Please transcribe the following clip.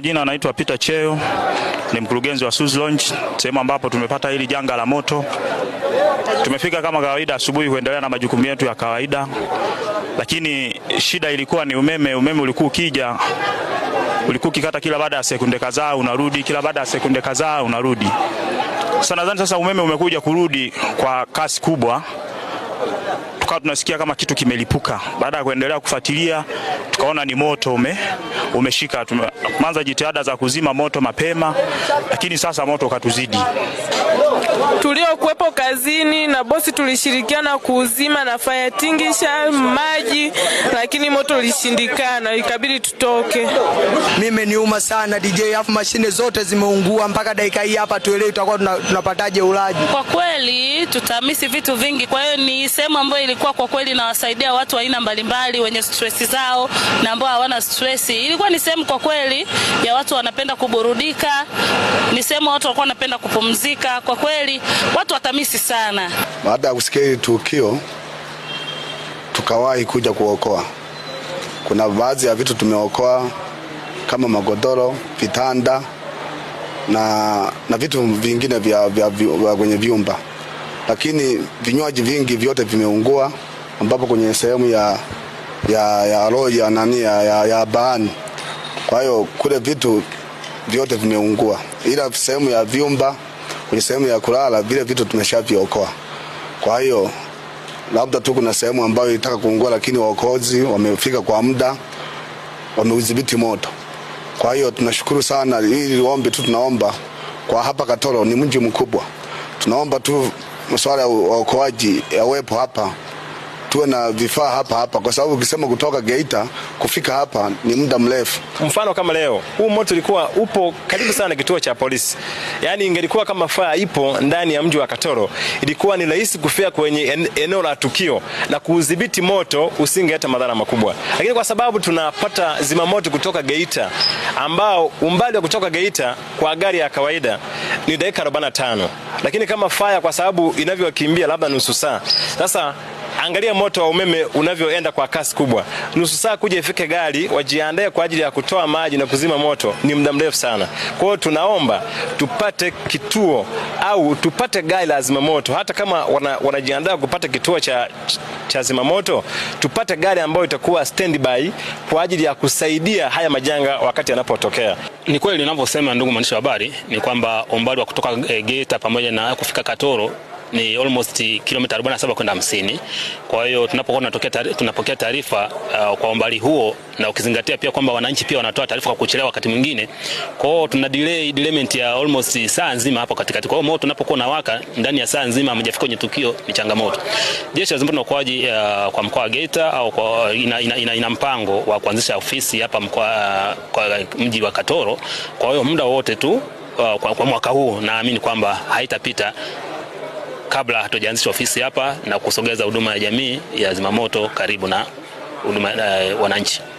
majina anaitwa Peter Cheo, ni mkurugenzi wa Suzi Lounge, sehemu ambapo tumepata hili janga la moto. Tumefika kama kawaida asubuhi kuendelea na majukumu yetu ya kawaida, lakini shida ilikuwa ni umeme. Umeme ulikuwa ukija ulikuwa ukikata kila baada ya sekunde kadhaa unarudi, kila baada ya sekunde kadhaa unarudi. Sasa nadhani sasa umeme umekuja kurudi kwa kasi kubwa tukawa tunasikia kama kitu kimelipuka. Baada ya kuendelea kufuatilia, tukaona ni moto ume umeshika. Tumeanza jitihada za kuzima moto mapema, lakini sasa moto ukatuzidi tuliokuwepo kazini na bosi tulishirikiana kuuzima na fire extinguisher maji, lakini moto ulishindikana, ikabidi tutoke. Mimi niuma sana DJ, afu mashine zote zimeungua mpaka dakika hii hapa, tuelewi tutakuwa tunapataje ulaji. Kwa kweli tutamisi vitu vingi, kwa hiyo ni sehemu ambayo ilikuwa kwa kweli inawasaidia watu wa aina mbalimbali wenye stress zao na ambao hawana stress. Ilikuwa ni sehemu kwa kweli ya watu wanapenda kuburudika, ni sehemu watu walikuwa wanapenda kupumzika. Kwa kweli watu watamisi sana. Baada ya kusikia hili tukio, tukawahi kuja kuokoa. Kuna baadhi ya vitu tumeokoa kama magodoro, vitanda na, na vitu vingine vya, vya, vya kwenye vyumba, lakini vinywaji vingi vyote vimeungua, ambapo kwenye sehemu ya ya ya roja nani ya, ya, ya baani. Kwa hiyo kule vitu vyote vimeungua, ila sehemu ya vyumba kwenye sehemu ya kulala, vile vitu tumeshaviokoa. Kwa hiyo labda tu kuna sehemu ambayo ilitaka kuungua, lakini waokozi wamefika kwa muda, wameudhibiti moto. Kwa hiyo tunashukuru sana. Hili ombi tu tunaomba kwa hapa Katoro ni mji mkubwa, tunaomba tu masuala ya waokoaji yawepo hapa tuwe na vifaa hapa hapa, kwa sababu ukisema kutoka Geita kufika hapa ni muda mrefu. Mfano kama leo huu moto ulikuwa upo karibu sana kituo cha polisi, yaani ingelikuwa kama faa ipo ndani ya mji wa Katoro, ilikuwa ni rahisi kufika kwenye eneo la tukio na kuudhibiti moto, usingeleta madhara makubwa. Lakini kwa sababu tunapata zimamoto kutoka Geita, ambao umbali wa kutoka Geita kwa gari ya kawaida ni dakika 45 lakini kama faya kwa sababu inavyokimbia labda nusu saa sasa angalia moto wa umeme unavyoenda kwa kasi kubwa. Nusu saa kuja ifike gari, wajiandae kwa ajili ya kutoa maji na kuzima moto, ni muda mrefu sana. Kwa hiyo tunaomba tupate kituo au tupate gari la moto, hata kama wana, wanajiandaa kupata kituo cha, cha moto, tupate gari ambayo itakuwa standby kwa ajili ya kusaidia haya majanga wakati yanapotokea. Ni kweli ninavyosema, ndugu mwandishi wa habari, ni kwamba umbali wa kutoka e, Geita pamoja na kufika Katoro ni almost kilomita 47 kwenda 50. Kwa hiyo tunapokuwa tunapokea taarifa uh, kwa umbali huo na ukizingatia pia kwamba wananchi pia wanatoa taarifa kwa kuchelewa wakati mwingine. Kwa hiyo tuna delay delayment ya almost saa nzima hapo katikati. Kwa hiyo moto unapokuwa unawaka ndani ya saa nzima hamjafika kwenye tukio ni changamoto. Jeshi la Zimamoto na Uokoaji uh, kwa mkoa wa Geita au kwa, ina, ina, ina, ina mpango wa kuanzisha ofisi hapa mkoa uh, kwa mji wa Katoro. Kwa hiyo muda wote tu uh, kwa, kwa mwaka huu naamini kwamba haitapita kabla hatujaanzisha ofisi hapa na kusogeza huduma ya jamii ya zimamoto karibu na huduma uh, wananchi.